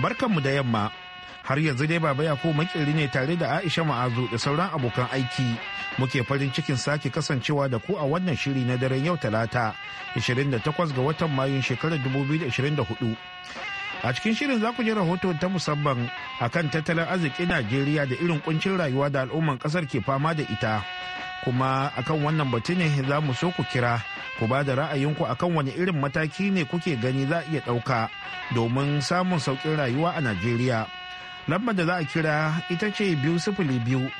barkanmu da yamma har yanzu dai baba yakubu makiri ne tare da aisha ma'azu da sauran abokan aiki muke farin cikin sake kasancewa da ku a wannan shiri na daren yau talata 28 ga watan mayun shekarar 2024 a cikin shirin za ku ji rahoto ta musamman akan tattalin arzikin najeriya da irin kuncin rayuwa da al'umman kasar ke fama da ita kuma akan wannan batu ne za mu so ku kira ku ba da ra'ayinku akan wani irin mataki ne kuke gani za a iya ɗauka domin samun sauƙin rayuwa a Najeriya. Lambar da za a kira ita ce biyu sifili biyu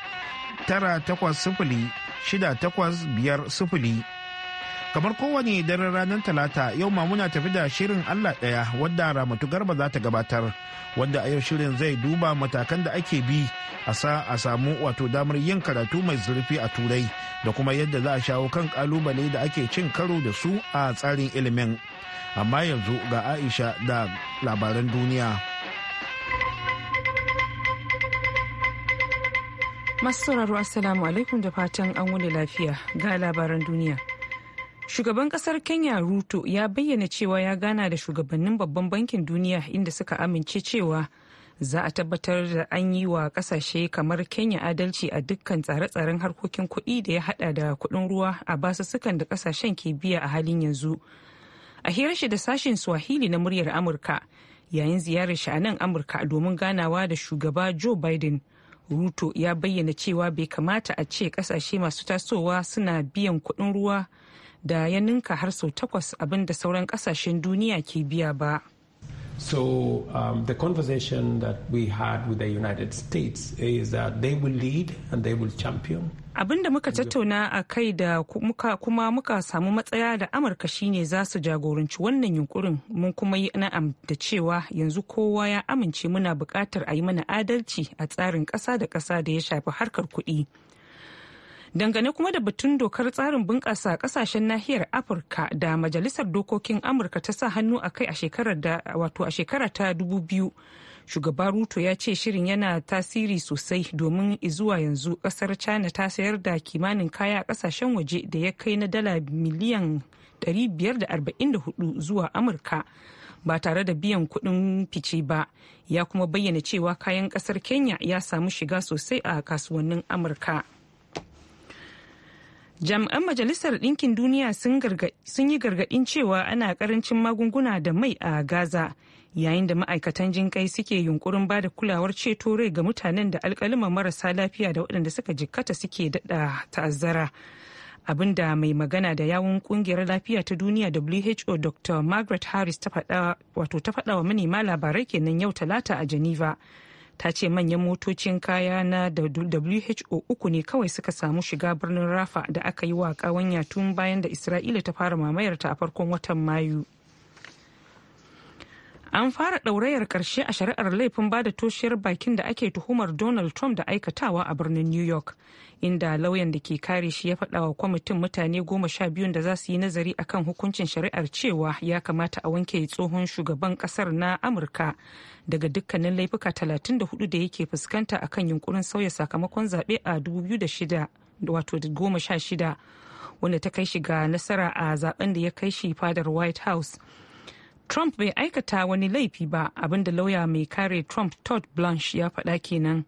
tara takwas sifili shida takwas biyar sifili kamar kowane daren ranar talata yau ma muna tafi da shirin allah ɗaya wadda ramatu garba za ta gabatar wanda a yau shirin zai duba matakan da ake bi a samu wato damar yin karatu mai zurfi a turai da kuma yadda za a shawo kan kalubale da ake cin karo da su a tsarin ilimin amma yanzu ga aisha da labaran duniya masu sauraro assalamu alaikum da fatan an wuni lafiya ga labaran duniya shugaban kasar kenya ruto ya bayyana cewa ya gana da shugabannin babban bankin duniya inda suka amince cewa za a tabbatar da an yi wa kasashe kamar kenya adalci a dukkan tsare-tsaren harkokin kuɗi da ya hada da kuɗin ruwa a basussukan da kasashen ke biya a halin yanzu a hirar shi da sashen swahili na muryar amurka yayin ziyarar shi a nan amurka domin ganawa da shugaba joe biden ruto ya bayyana cewa bai kamata a ce kasashe masu tasowa suna biyan kuɗin ruwa da ya ninka har sau takwas abin da sauran kasashen duniya ke biya ba. So um, the conversation that we had with the United States is that they will lead and they will champion. Abin da muka tattauna a kai da kuma muka samu matsaya da Amurka shine za su jagoranci wannan yunkurin mun kuma yi na'am da cewa yanzu kowa ya amince muna buƙatar a yi mana adalci a tsarin ƙasa da ƙasa da ya shafi harkar kuɗi. dangane kuma da batun dokar tsarin bunƙasa ƙasashen nahiyar afirka da majalisar dokokin amurka ta sa hannu a kai a shekara ta 2000 shugaba ruto ya ce shirin yana tasiri sosai domin zuwa yanzu ƙasar china ta sayar da kimanin kaya ƙasashen waje da ya kai na dala miliyan 544 zuwa amurka ba tare da biyan kuɗin fice ba ya kuma bayyana cewa kayan ƙasar kenya ya samu shiga sosai a kasuwannin amurka. jami'an majalisar ɗinkin duniya sun yi gargaɗin cewa ana ƙarancin magunguna da mai a gaza yayin da ma'aikatan jinƙai suke yunkurin ba da kulawar ceto rai ga mutanen da alkalima marasa lafiya da waɗanda suka jikkata suke daɗa ta'azzara abin da mai magana da yawun kungiyar lafiya ta duniya who dr margaret harris ta faɗa wa manema labarai kenan yau talata a geneva ta ce manyan motocin kaya na who uku ne kawai suka samu shiga birnin rafa da aka yi wa kawanya tun bayan da isra'ila ta fara mamayarta a farkon watan mayu an fara ɗaurayar ƙarshe a shari'ar laifin ba da toshiyar bakin da ake tuhumar donald trump da aikatawa a birnin new york inda lauyan da ke kare shi ya faɗa wa kwamitin mutane goma sha biyun da za su yi nazari akan hukuncin shari'ar cewa ya kamata a wanke tsohon shugaban ƙasar na amurka daga dukkanin laifuka 34 da yake fuskanta akan yunkurin sauya sakamakon zaɓe a 2006 goma sha shida wanda ta kai shi ga nasara a zaben da ya kai shi fadar white house Trump bai aikata wani laifi ba abinda lauya mai kare Trump Todd Blanche ya faɗa kenan.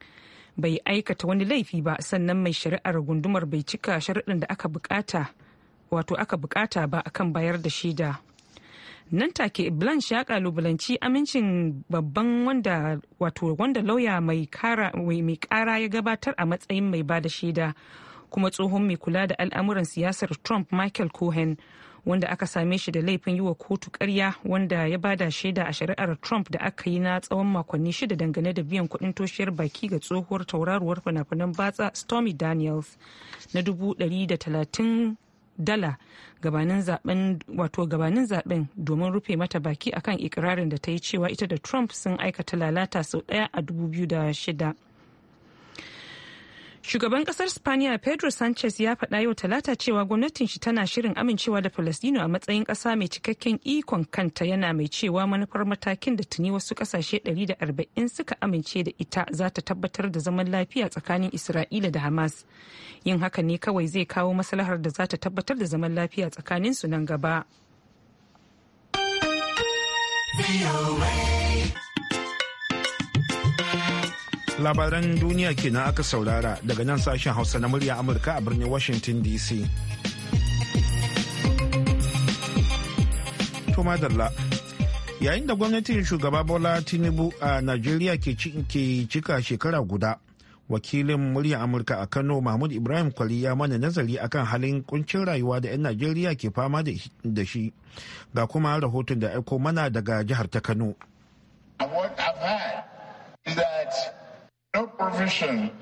Bai aikata wani laifi ba sannan mai shari'ar gundumar bai cika shari'ar da aka bukata wato aka bukata ba akan bayar da shaida. Nan take Blanche ya kalubalanci amincin babban wanda wato wanda lauya mai kara ya gabatar a matsayin mai bada shaida kuma tsohon mai kula da al'amuran siyasar Trump Michael Cohen. wanda aka same shi da laifin yi wa kotu karya wanda ya bada shaida a shari'ar trump da aka yi na tsawon makonni shida dangane da biyan kuɗin toshiyar baki ga tsohuwar tauraruwar fina-finan batsa stormy daniels na dubu da talatin dala gabanin zaben domin rufe mata baki akan ikirarin da ta yi cewa ita da trump sun aikata lalata sau ɗaya a dubu biyu da shida Shugaban kasar Spaniya Pedro Sanchez ya faɗa yau talata cewa gwamnatin shi tana shirin amincewa da Falasdino a matsayin ƙasa mai cikakken ikon kanta yana mai cewa manufar matakin da tuni wasu ƙasashe 140 suka amince da ita za ta tabbatar da zaman lafiya tsakanin Isra'ila da Hamas. Yin haka ne kawai zai kawo maslahar da za ta tabbatar da zaman lafiya tsakanin su nan gaba. labaran duniya kenan aka saurara daga nan sashen hausa na murya amurka a birnin washington dc yayin da gwamnatin shugaba bola tinubu a najeriya ke cika shekara guda wakilin murya amurka a kano mahmud ibrahim kwali ya mana nazari akan halin kuncin rayuwa da 'yan najeriya ke fama da shi ga kuma rahoton da aiko mana daga jihar ta kano No provision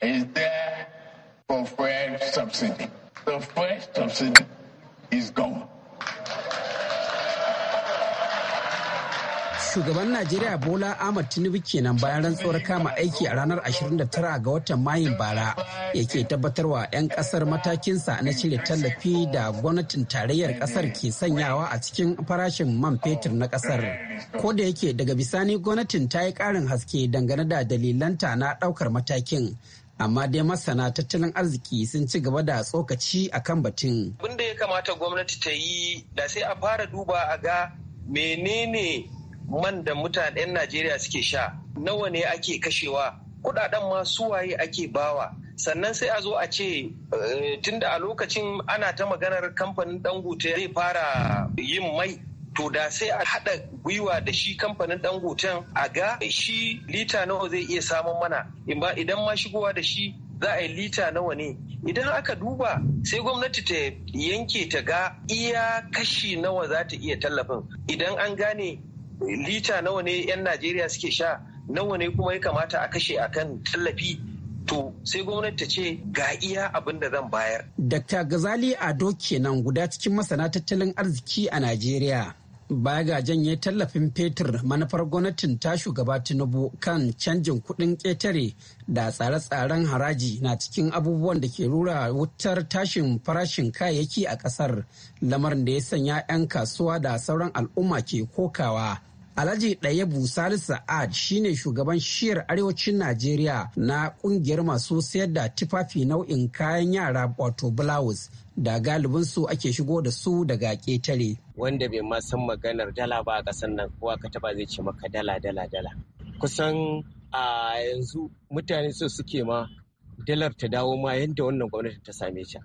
is there for fresh subsidy. The fresh subsidy is gone. shugaban Najeriya Bola Ahmad Tinubu kenan bayan rantsuwar kama aiki a ranar 29 ga watan Mayun bara yake tabbatarwa 'yan kasar matakinsa na cire tallafi da gwamnatin tarayyar kasar ke sanyawa a cikin farashin man fetur na kasar. Ko da yake daga bisani gwamnatin ta yi karin haske dangane da dalilanta na daukar matakin. amma dai masana tattalin arziki sun ci gaba da tsokaci a kan batun. Abin da ya kamata gwamnati ta yi da sai a fara duba a ga menene man da mutanen Najeriya suke sha nawa ne ake kashewa kudaden ma waye ake bawa sannan sai a zo a ce eh, tunda a lokacin ana ta maganar kamfanin dangote zai fara yin mai to da sai a haɗa gwiwa da shi kamfanin dangoten a ga shi lita nawa zai iya samun mana idan ma shigowa da shi za a yi lita nawa ne idan aka duba sai gwamnati ta yanke ta ga iya kashi nawa za ta iya tallafin idan an gane lita nawa ne 'yan najeriya suke sha nawa ne kuma ya kamata a kashe akan tallafi to sai gwamnati ta ce ga iya abin da zan bayar. Dr. Gazali Ado kenan guda cikin masana tattalin arziki a Najeriya. baya ga janye tallafin fetur manufar gwamnatin ta shugaba tinubu kan canjin kuɗin ƙetare da tsare-tsaren haraji na cikin abubuwan da ke rura wutar tashin farashin kayayyaki a ƙasar lamarin da ya sanya 'yan kasuwa da sauran al'umma ke kokawa Alhaji Ɗayabu Salisu Sa'ad shine shugaban shiyar arewacin Najeriya na ƙungiyar masu sayar da tufafi nau'in kayan yara wato blouse da galibinsu ake shigo da su daga ƙetare. Wanda bai ma san maganar dala ba a ƙasar nan kowa ka taba zai ce maka dala dala dala. Kusan a yanzu mutane so suke ma dalar ta dawo ma yadda wannan gwamnati ta same ta.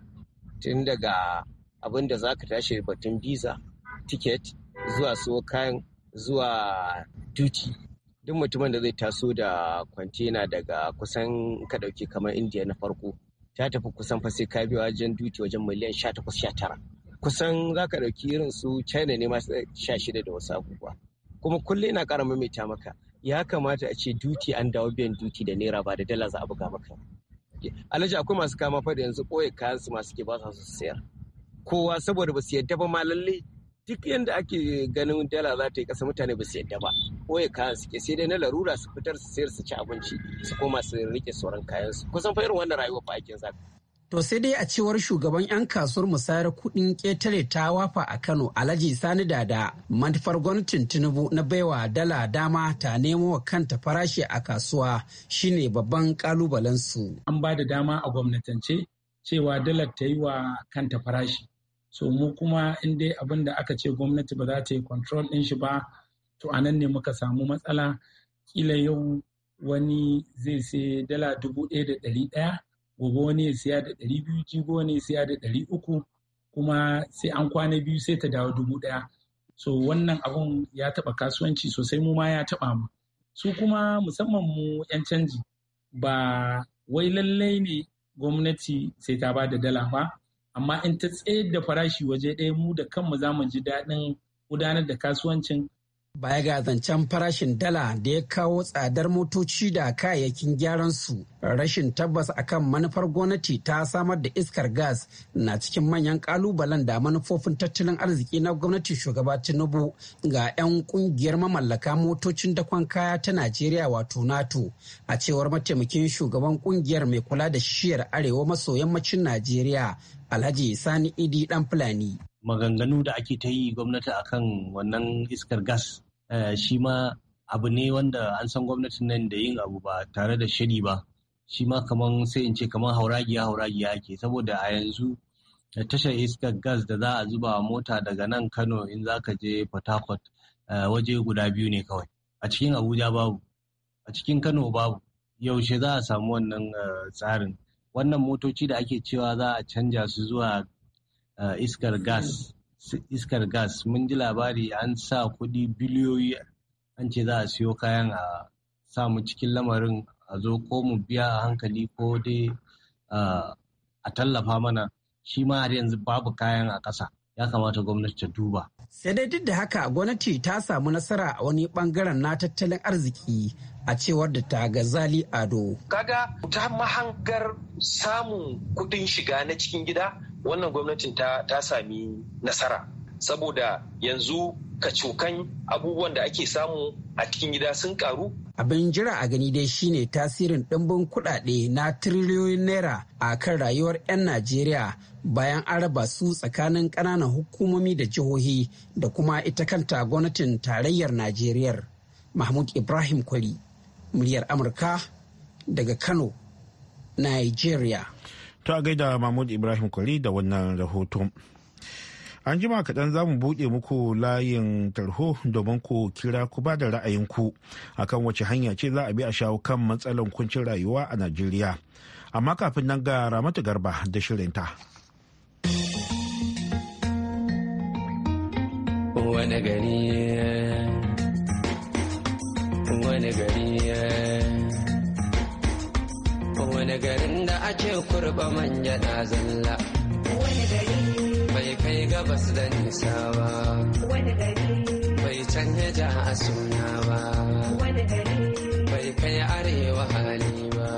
Tun daga abin da za ka tashi batun visa, tiket, zuwa so kayan zuwa duty duk mutumin da zai taso da kwantena daga kusan ka ɗauki kamar indiya na farko ta tafi kusan fa sai ka biya wajen duti wajen miliyan 18-19 kusan za ka ɗauki irin su china ne masu shida da wasu abubuwa kuma kullum ina ƙara maimaita maka ya kamata a ce duti an dawo biyan duti da naira ba da dala za a buga maka alhaji akwai masu kama fa da yanzu ɓoye kayan su masu ke ba su sayar kowa saboda ba su yadda ba ma lallai. duk yadda ake ganin dala za ta yi kasa mutane ba su yadda ba ya kayan suke sai dai na larura su fitar su sayar su ci abinci su koma su rike sauran kayan su kusan fa irin wannan rayuwar ba ake zaka To sai dai a cewar shugaban 'yan kasuwar musayar kudin ketare ta wafa a Kano Alhaji Sani Dada manufar gwamnatin Tinubu na baiwa dala dama ta nemo wa kanta farashi a kasuwa shine babban kalubalen su. An ba da dama a gwamnatance cewa dala ta yi wa kanta farashi. so mu kuma in dai abin da aka ce gwamnati ba za ta yi control din shi ba to a nan ne muka samu matsala kila yau wani zai sai dala dubu ɗaya da ɗari ɗaya gobe wani ya siya da ɗari biyu jigo wani ya siya da ɗari uku kuma sai an kwana biyu sai ta dawo dubu ɗaya so wannan abun ya taɓa kasuwanci sosai mu ma ya taɓa mu su kuma musamman mu 'yan canji ba wai lallai ne gwamnati sai ta ba da dala ba amma in ta tsayar da farashi waje ɗaya mu da kanmu za mu ji daɗin gudanar da kasuwancin Baya ga zancen farashin dala da ya kawo tsadar motoci da kayayyakin gyaran su rashin tabbas akan manufar gwamnati ta samar da iskar gas na cikin manyan kalubalen da manufofin tattalin arziki na gwamnati shugaba Tinubu ga 'yan kungiyar mamallaka motocin dakon kaya ta Najeriya wato NATO a cewar mataimakin shugaban kungiyar mai kula da shiyar arewa maso yammacin Najeriya Alhaji Sani Idi Dan Fulani. Maganganu da ake ta yi gwamnati akan wannan iskar gas eh, shi ma abu ne wanda an san gwamnatin nan da yin abu ba tare da shiri ba. Shi ma kamar sai in ce kamar hauragiya hauragiya ake saboda a yanzu eh, tashar iskar gas da za a zuba mota daga nan Kano in za ka je Port Harcourt eh, waje guda biyu ne kawai. A cikin Abuja babu, a cikin Kano babu. Yaushe za a samu wannan tsarin. wannan motoci da ake cewa za a canja su zuwa eh, iskar gas mun ji labari an sa kuɗi biliyoyi an ce za a siyo kayan a samu cikin lamarin a zo ko mu biya a hankali ko dai eh, a tallafa mana shi ma har yanzu babu kayan a ƙasa ya kamata gwamnati ta duba sai dai duk da haka gwamnati ta samu nasara a wani bangaren na tattalin arziki a cewar da ta ga zali ado. Kaga ta mahangar samun kudin shiga na cikin gida wannan gwamnatin ta, sami nasara saboda yanzu kacokan abubuwan da ake samu a cikin gida sun karu. Abin jira a gani dai shine tasirin ɗimbin kuɗaɗe na tiriliyoyin naira a kan rayuwar 'yan Najeriya bayan araba su tsakanin ƙananan hukumomi da jihohi da kuma ita kanta gwamnatin tarayyar Najeriya. Mahmud Ibrahim Kwari, muryar amurka daga kano nigeria to a gaida mahmud ibrahim kwari da wannan rahoto an jima kaɗan za mu buɗe muku layin tarho domin ku kira ku ba da ra'ayinku akan wace hanya ce za a bi a shawo kan matsalan kuncin rayuwa a najeriya amma kafin nan ga ramatu garba da shirinta wani gari wani gari eh. wani garin da ake kurba manya na zalla wani gari bai kai gabas da nisa ba wani gari bai canja ja a suna ba wani gari bai kai arewa hali ba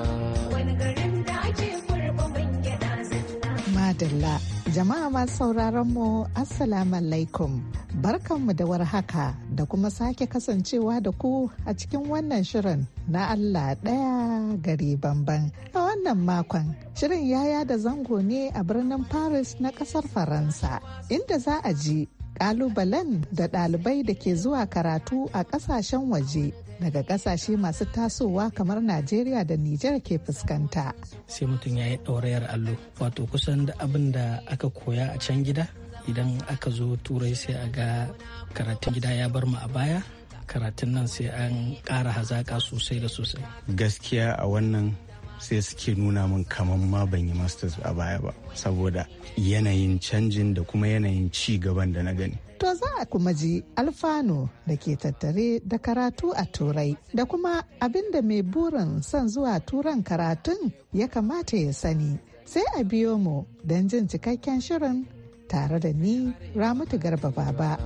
wani garin da ake kurba manya na zalla madalla Jama'a masu sauraron mu Assalamu alaikum. Barkanmu da warhaka da kuma sake kasancewa da ku a cikin wannan shirin na Allah ɗaya gari bamban. A wannan makon, shirin yaya da zango ne a birnin Paris na ƙasar Faransa, inda za a ji ƙalubalen da ɗalibai da ke zuwa karatu a ƙasashen waje daga kasashe masu tasowa kamar najeriya da nijar ke fuskanta sai mutum ya yi ɗaurayar allo wato kusan da abin da aka koya a can gida idan aka zo turai sai a ga karatun gida ya bar mu a baya karatun nan sai an ƙara hazaƙa sosai da sosai gaskiya a wannan sai suke nuna min kamar ma ban yi masters a baya ba saboda yanayin canjin da kuma yanayin ci gaban da na gani to za a kuma ji alfano da ke tattare da karatu a turai da kuma abin da mai burin son zuwa turan karatun ya kamata ya sani sai a biyo mu don jin cikakken shirin tare da ni ramatu garba baba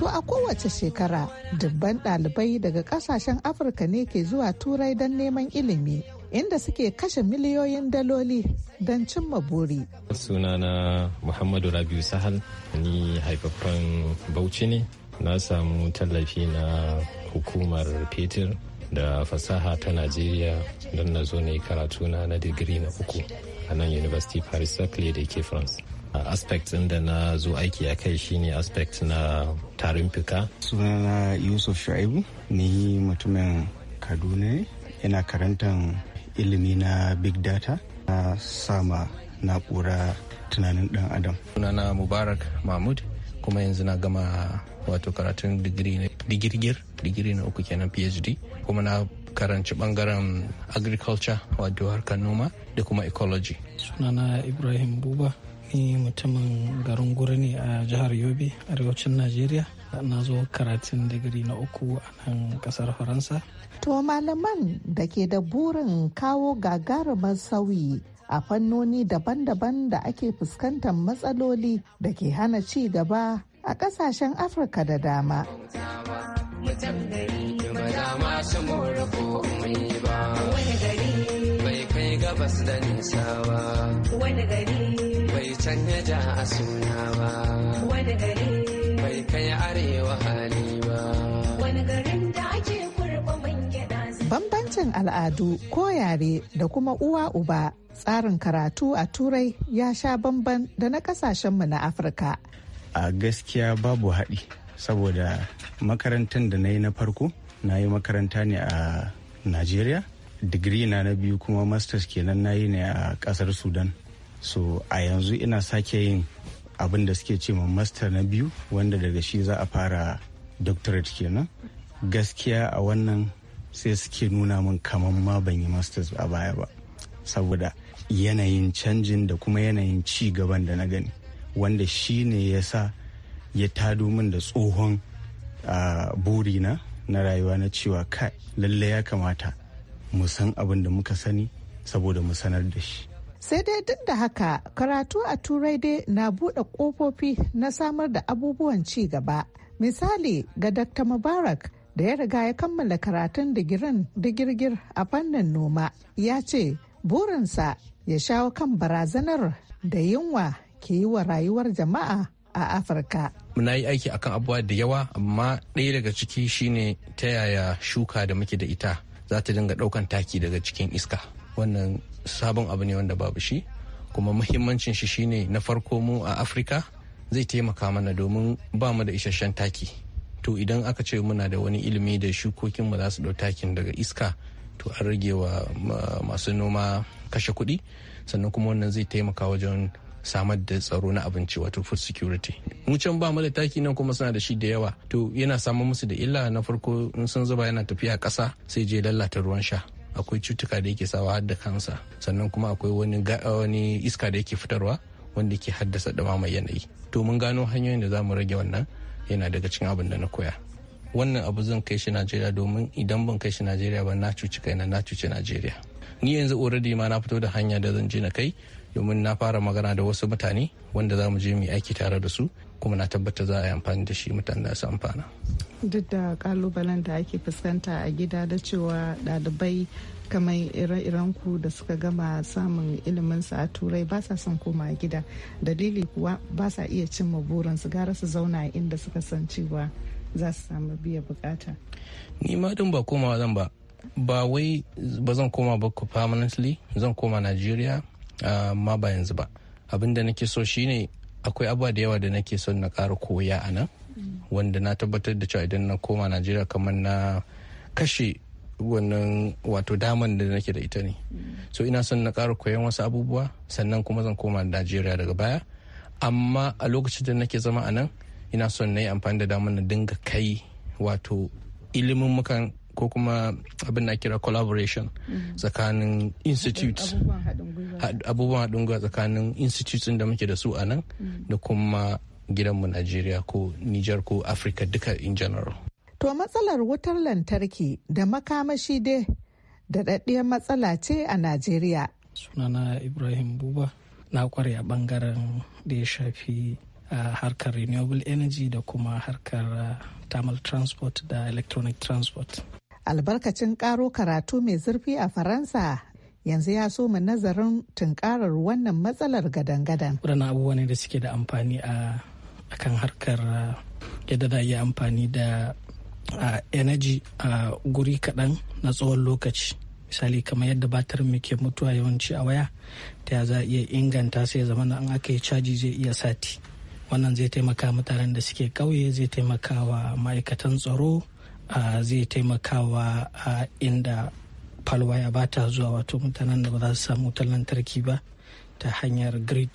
To a kowace shekara dubban ɗalibai daga ƙasashen Afirka ne ke zuwa turai don neman ilimi inda suke kashe miliyoyin daloli don cimma buri. Sunana Muhammadu Rabiu Sahal ni haifaffen Bauchi ne na samu tallafi na hukumar Fetur da fasaha ta Najeriya don na zo na yi karatu na digiri na uku a nan University Paris Saclay da ke France. aspect ɗin da na zo aiki a kai shine aspect na tarin fika. sunana yusuf shaibu ni mutumin kaduna ne yana karantar ilimi na big data na sama na'ura tunanin dan adam sunana mubarak mahmud kuma yanzu na gama wato karatun digiri digirgir digiri na uku kenan phd kuma na karanci bangaren agriculture wato harkar noma da kuma ecology sunana ibrahim buba ni mutumin garin guri ne a jihar yobe arewacin najeriya na zo karatun digiri na uku a nan kasar faransa to malaman da ke da burin kawo gagarumar sauyi a fannoni daban-daban da ake fuskantar matsaloli da ke hana ci gaba a kasashen afirka da dama Wani gabas da nisa ba. Wani gari bai canja ja a suna ba wani gari bai kai arewa hali ba wani garin da ake kurba man bambancin al'adu ko yare da kuma uwa uba tsarin karatu a turai ya sha bamban da na kasashenmu na afirka a gaskiya babu haɗi saboda makarantar da na yi na farko na yi makaranta ne a najeriya digiri na na biyu kuma masters kenan na yi ne a kasar sudan so a yanzu ina sake yin abin da suke ce master na biyu wanda daga shi za a fara doctorate kenan gaskiya a wannan sai suke nuna min kamar ma ban yi masters a baya ba saboda yanayin canjin da kuma yanayin ci gaban da na gani wanda shi ne ya sa ya tado min da tsohon burina na rayuwa na cewa kai lalle ya kamata mu san abin da muka sani saboda mu sanar da shi sai dai duk da haka karatu a turai dai na buɗe ƙofofi na samar da abubuwan ci gaba misali ga dr mubarak da ya riga ya kammala karatun digirin digirgir a fannin noma ya ce burinsa ya shawo kan barazanar da yunwa ke yi wa rayuwar jama'a a afirka na yi aiki akan abubuwa da yawa amma ɗaya daga ciki shine ta yaya shuka da muke da ita za ta dinga ɗaukan taki daga cikin iska wannan sabon abu ne wanda babu shi kuma muhimmancin shi shine na farko mu a afirka zai taimaka mana domin ba mu da isasshen taki to idan aka ce muna da wani ilimi da shukokin mu za su ɗau takin daga iska to an rage wa masu noma kashe kuɗi sannan kuma wannan zai taimaka wajen samar da tsaro na abinci wato food security mu can ba mu da taki nan kuma suna da shi da yawa to yana samun musu da illa na farko in sun zuba yana tafiya ƙasa sai je lalata ruwan sha akwai cutuka da yake sawa har da kansa sannan kuma akwai wani iska da yake fitarwa wanda ke haddasa mai yanayi to mun gano hanyoyin da za mu rage wannan yana daga cikin abin da na koya wannan abu zan kai shi najeriya domin idan ban kai shi najeriya ba na cuci kai na na cuci najeriya ni yanzu already ma na fito da hanya da zan je na kai domin na fara magana da wasu mutane wanda za mu je mu yi aiki tare da su kuma na tabbata za a yi amfani da shi mutane su amfana duk da kalubalen da ake fuskanta a gida da cewa ɗalibai kamar ire-iren ku da suka gama samun ilimin su a turai ba sa son koma gida dalili kuwa ba sa iya cimma burinsu gara su zauna inda suka san cewa za su samu biya bukata ni ma din ba komawa zan ba ba wai ba zan koma ba permanently zan koma nigeria amma ah, ba yanzu ba abinda nake so shine akwai abubuwa da yawa da nake son na ƙara koya a nan wanda na tabbatar da cewa idan na koma najeriya kamar na kashe wannan wato daman da nake da ita ne so ina son na ƙara koyan wasu abubuwa sannan kuma zan koma najeriya daga baya amma a lokacin da nake zama a nan ina son na yi amfani da damar na dinga kai wato ilimin mukan ko kuma abin na kira collaboration mm-hmm. tsakanin institutes abubuwan haɗin gwiwa tsakanin institutes da muke da su a nan mm-hmm. da kuma gidanmu nigeria ko niger ko africa duka in general. To matsalar wutar lantarki da makamashi dai da daɗaɗɗiyar matsala ce a nigeria. Sunana Ibrahim Buba na kware a ɓangaren da ya shafi harkar renewable energy da kuma harkar thermal transport da electronic transport. albarkacin karo karatu mai zurfi a faransa yanzu ya so mu nazarin tunkarar wannan matsalar gadan-gadan. wadannan abubuwa ne da suke da amfani a kan harkar uh, yadda za a yi amfani da uh, energy a guri kaɗan na tsawon lokaci misali kamar yadda batar mu ke mutuwa yawanci a waya ta ya za a iya inganta sai zama an aka yi caji zai iya sati wannan zai taimaka mutanen da suke ƙauye zai taimaka wa ma'aikatan tsaro zai taimakawa a inda falwaya ba ta zuwa wato mutanen da ba za su samu wutar lantarki ba ta hanyar grid.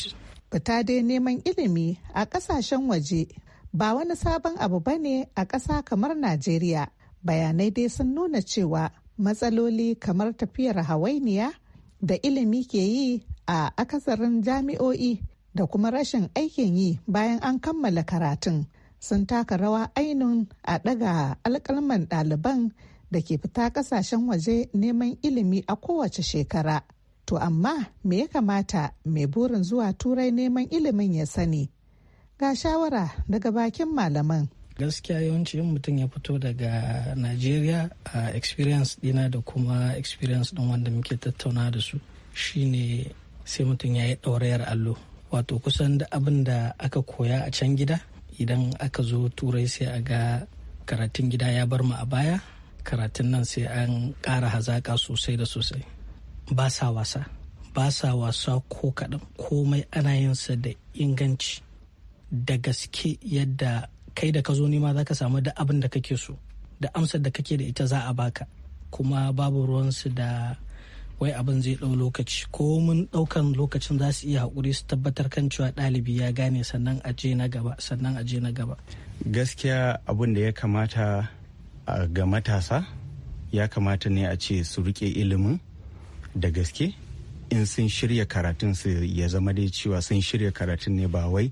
Fita dai neman ilimi a kasashen waje ba wani sabon abu ba ne a ƙasa kamar Najeriya. Bayanai dai sun nuna cewa matsaloli kamar tafiyar hawainiya da ilimi ke yi a akasarin jami'o'i da kuma rashin aikin yi bayan an kammala karatun sun taka rawa ainun a ɗaga alƙalman ɗaliban da ke fita ƙasashen waje neman ilimi a kowace shekara. To amma me ya kamata mai burin zuwa turai neman ilimin ya sani? Ga shawara daga bakin malaman. gaskiya yawanci yin mutum ya fito daga najeriya a experience dina da kuma experience din wanda muke tattauna da su shine sai mutum ya yi ɗaurayar allo wato kusan da abin da aka koya a can gida idan aka zo turai sai a ga karatun gida ya bar mu a baya karatun nan sai an ƙara hazaƙa sosai da sosai ba sa wasa ba sa wasa ko kaɗan komai ana yinsa da inganci da gaske yadda kai da ka zo nema za ka samu da abin da kake so da amsar da kake da ita za a baka kuma babu ruwansu da wai abin zai ɗau lokaci ko mun ɗaukan lokacin za su iya haƙuri su tabbatar kan cewa ɗalibi ya gane sannan a je na gaba sannan a je na gaba gaskiya abin da ya kamata ga matasa ya kamata ne a ce su rike ilimin da gaske in sun shirya karatun su ya zama dai cewa sun shirya karatun ne ba wai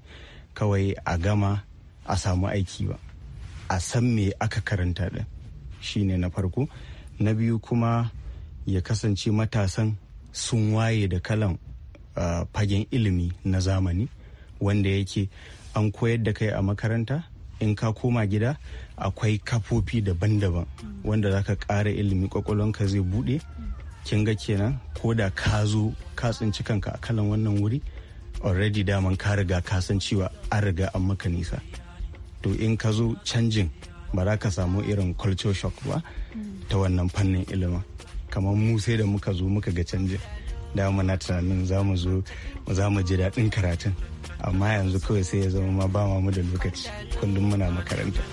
kawai a gama a samu aiki ba a san me aka karanta din shine na farko na biyu kuma ya kasance matasan sun waye da kalan fagen ilimi na zamani wanda yake an koyar da kai a makaranta in ka koma gida akwai kafofi daban-daban wanda za ka ƙara ilimi ka zai buɗe kin ga kenan ko da ka zo ka tsinci kanka a kalan wannan wuri already daman ka riga ka san cewa an riga an maka nisa to in ka zo canjin ba za ka samu irin culture shock ba ta wannan fannin ilimin kamar mu sai da muka zo muka ga canjin da na tunanin za mu zo za mu ji daɗin karatun amma yanzu kawai sai ya zama ma ba mu da lokaci kullum muna makaranta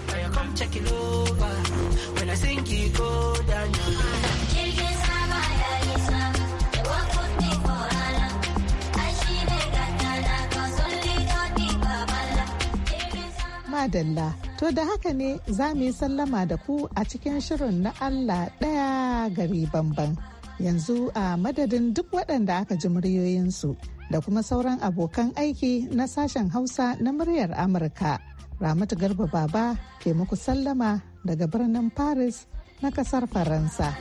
madalla To da haka ne za mu yi sallama da ku a cikin shirin na Allah ɗaya gari bamban. Yanzu a madadin duk waɗanda aka ji muryoyinsu da kuma sauran abokan aiki na sashen Hausa na muryar Amurka. Ramatu Garba Baba ke muku sallama daga birnin Paris na ƙasar Faransa.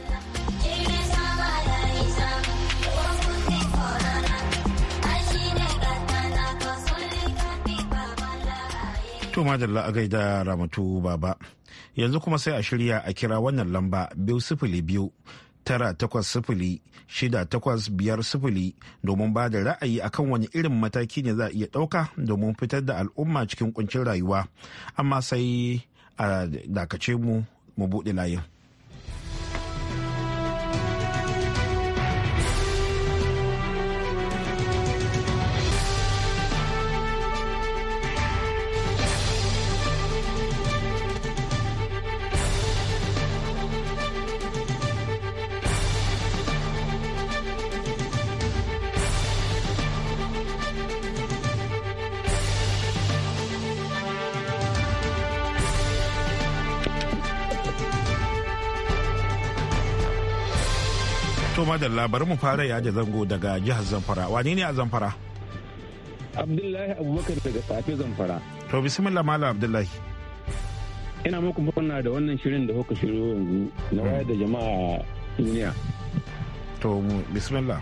To madalla a gaida ramatu baba. Yanzu kuma sai a shirya a kira wannan lamba biyu sifili biyu tara takwas sifili shida takwas biyar sifili domin ba da ra'ayi akan wani irin mataki ne za a iya ɗauka domin fitar da al'umma cikin kuncin rayuwa. Amma sai a dakace mu mu buɗe layin. madalla bari mu fara da zango daga jihar zamfara wani ne a zamfara abdullahi abubakar daga safe zamfara to bismillah malam abdullahi ina muku murna da wannan shirin da kuka shiro yanzu na wayar da jama'a duniya to bismillah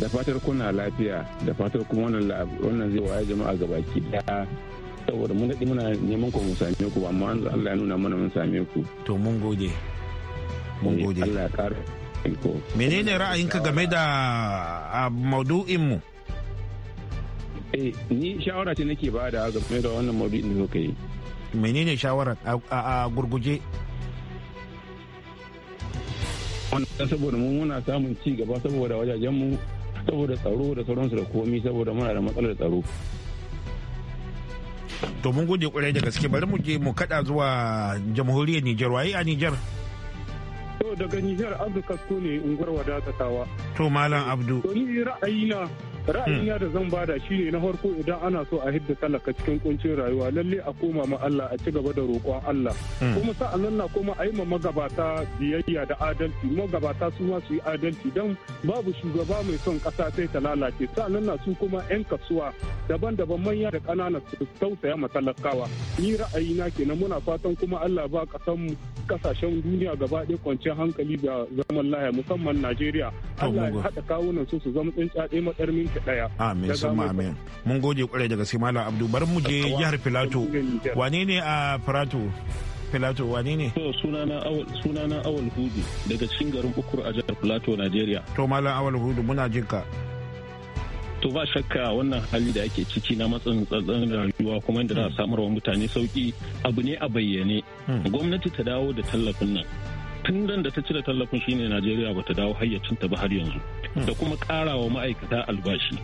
da fatar kuna lafiya da fatar kuma wannan zai wayar jama'a gabaki daya saboda mun daɗi muna neman ku mu same ku amma Allah ya nuna mana mun same ku to mun gode mun eh, gode Allah ya ƙara menene ra'ayinka game da ah, maudu'inmu eh ni shawara ce nake ba da game da wannan maudu'in da kuka yi menene shawara a gurguje wannan saboda mu muna samun ci gaba saboda mu saboda tsaro da sauransu da komi saboda muna da matsalar tsaro to mun gode kwarai da gaske bari mu je mu kada zuwa jamhuriyar Nijar waye a Nijar To daga Nijar Abdu Kasko ne unguwar wadatatawa. To Malam Abdu. To ni ra'ayina ra'ayin hmm. da zan bada shi ne na farko idan ana so a hidda talaka cikin kuncin rayuwa lalle a koma ma Allah a ci gaba da roƙon Allah hmm. kuma sa'annan na kuma a yi ma magabata biyayya da adalci magabata su ma su yi adalci don babu shugaba mai son ƙasa sai ta lalace sa'annan na su kuma 'yan kasuwa daban-daban manya da ƙanana su tausaya ma talakawa ni ra'ayi na kenan muna fatan kuma Allah ba kasan kasashen duniya gaba ɗaya kwanciyar hankali da zaman lahiya musamman Najeriya Allah ya haɗa kawunan su su zama tsuntsaye matsarmin baki daya amin sun amin mun goge kwarai daga sai malam abdu bar mu je jihar filato wane ne a filato filato wane ne sunana awal hudu daga cikin garin bukur a jihar filato Najeriya. to malam awal hudu muna jin ka to ba shakka wannan hali da ake ciki na matsin tsatsan rayuwa kuma inda za a hmm. samar wa mutane sauki abu ne a bayyane hmm. gwamnati ta dawo da tallafin nan tun dan da ta cire tallafin shine najeriya bata dawo hayyacin ta ba har yanzu da kuma karawa ma'aikata albashi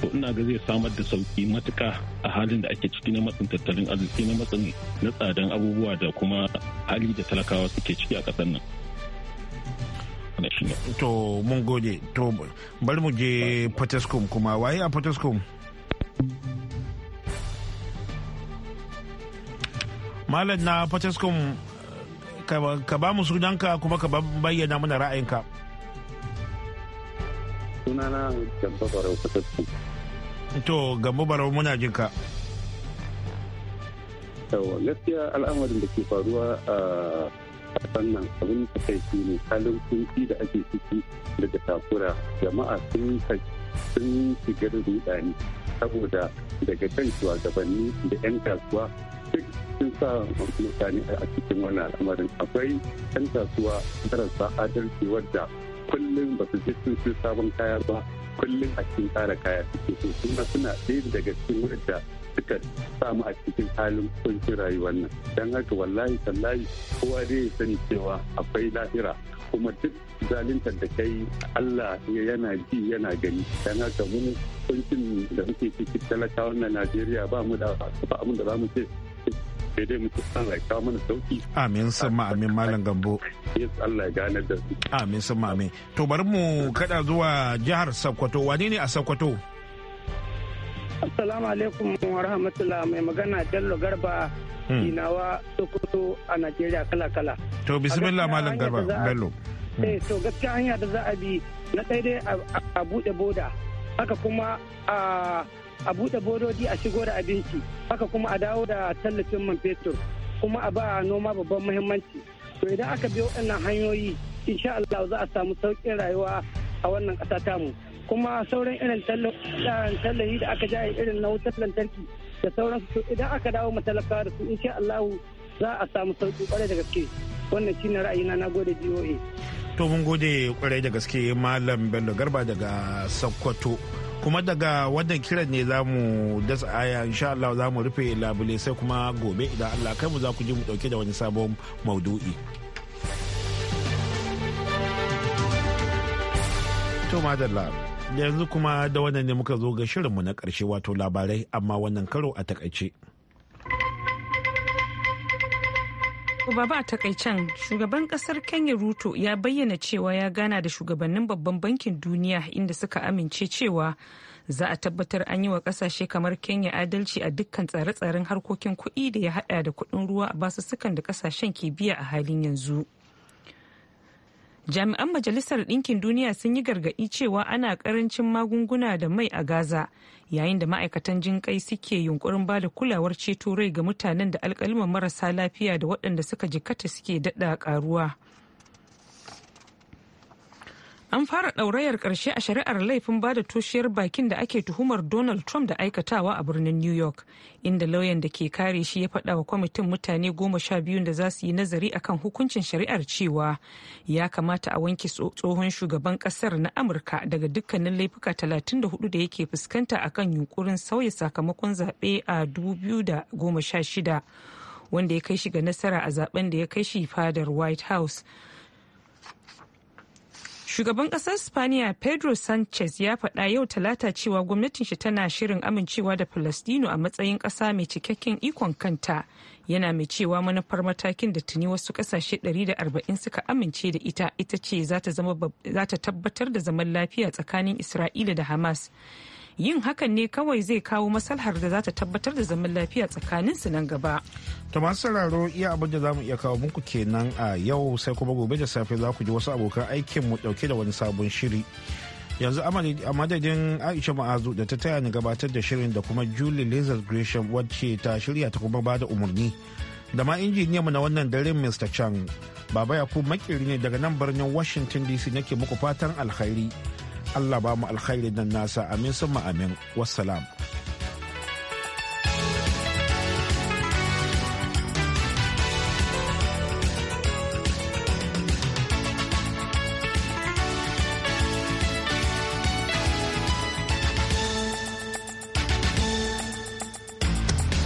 to ina ga zai samar da sauki matuka a halin da ake ciki na matsin tattalin arziki na matsin na tsadan abubuwa da kuma hali da talakawa suke ciki a kasar nan to mun gode to bari mu je potescom kuma waye a potescom malam na potescom ka ba mu sunanka kuma ka bayyana mana ra'ayinka. Sunana Gambo Barau Kutattu. To Gambo Barau muna jin ka. Yawa gaskiya al'amarin da ke faruwa a kasan nan abin da kai ne halin kunci da ake ciki daga takura jama'a sun sun shiga da rudani saboda daga kan shugabanni da 'yan kasuwa duk sun sa mutane a cikin wannan al'amarin akwai 'yan kasuwa marasa adalci wadda kullum ba su ji sun fi sabon kaya ba kullum a cikin tsara kaya suke so kuma suna ɗaya daga cikin wadda suka samu a cikin halin kuncin rayuwar nan don haka wallahi tallahi kowa zai sani cewa akwai lahira kuma duk zaluntar da kai Allah yana ji yana gani don haka mu kuncin da muke cikin talakawan na Najeriya ba mu da ba mu ce sai dai mutu ya kawo mana sauki. Amin sama amin malam gambo. Allah ya da su. Amin sama amin. To bari mu kada zuwa jihar Sokoto wani ne a Sokoto? Assalamu alaikum wa rahmatullah mai magana Jallo Garba hmm. Inawa Sokoto a Najeriya kala kala. To bismillah malam Garba Bello. Hmm. Eh to gaskiya hanya da za a bi na ɗaya dai a bude boda haka kuma a a buɗe bodoji a shigo da abinci haka kuma a dawo da tallafin man fetur kuma a ba noma babban muhimmanci to idan aka bi waɗannan hanyoyi insha Allah za a samu sauƙin rayuwa a wannan ƙasa tamu kuma sauran irin tallafi da aka jaye irin na wutar lantarki da sauransu to idan aka dawo ma matalaka da su insha Allah za a samu sauƙi ƙwarai da gaske wannan shine ra'ayina na gode DOA to mun gode kwarai da gaske malam Bello Garba daga Sokoto kuma daga wannan kiran ne za mu dasa aya insha Allah za mu rufe labule sai kuma gobe idan Allah kai mu za ku ji mu dauke da wani sabon maudu'i to madalla yanzu kuma da wannan ne muka zo ga shirinmu na karshe wato labarai amma wannan karo a takaice baba a takaicen shugaban kasar kenya ruto ya bayyana cewa ya gana da shugabannin babban bankin duniya inda suka amince cewa za a tabbatar an yi wa kasashe kamar kenya adalci a dukkan tsare-tsaren harkokin kuɗi da ya hada da kuɗin ruwa a basussukan da kasashen ke biya a halin yanzu. jami'an majalisar ɗinkin duniya sun yi gargaɗi cewa ana ƙarancin magunguna da mai a gaza yayin da ma'aikatan jinƙai suke yunkurin ba da kulawar ceto rai ga mutanen da alƙalman marasa lafiya da waɗanda suka jikata suke daɗa ƙaruwa an fara ɗaurayar ƙarshe a shari'ar laifin ba da toshiyar bakin da ake tuhumar donald trump da aikatawa a birnin new york inda lauyan da ke kare shi ya faɗa wa kwamitin mutane goma sha biyu da za su yi nazari akan hukuncin shari'ar cewa ya kamata a wanke tsohon shugaban ƙasar na amurka daga dukkanin laifuka 34 da yake fuskanta akan yunkurin sauya sakamakon zaɓe a 2016 wanda ya kai shi ga nasara a zaben da ya kai shi fadar white house Shugaban ƙasar Spaniya Pedro Sanchez ya faɗa yau talata cewa gwamnatin shi tana shirin amincewa da Falastino a matsayin ƙasa mai cikakken ikon kanta. Yana mai cewa manufar matakin da tuni wasu ƙasashe 140 suka amince da ita ita ce za ta tabbatar da zaman lafiya tsakanin Isra'ila da Hamas. yin hakan ne kawai zai kawo masalhar da za ta tabbatar da zaman lafiya tsakanin su nan gaba. To masu sauraro iya abin da za mu iya kawo muku kenan a yau sai kuma gobe da safe za ku ji wasu abokan aikin mu dauke da wani sabon shiri. Yanzu a madadin Aisha Ma'azu da ta taya ni gabatar da shirin da kuma Julie lizard Gresham wacce ta shirya ta kuma bada umarni. Da ma mu na wannan daren Mr. Chang. Baba ku makiri ne daga nan birnin Washington DC nake muku fatan alkhairi. Allah ba mu alkhairin nan nasa amin sun amin wassalam.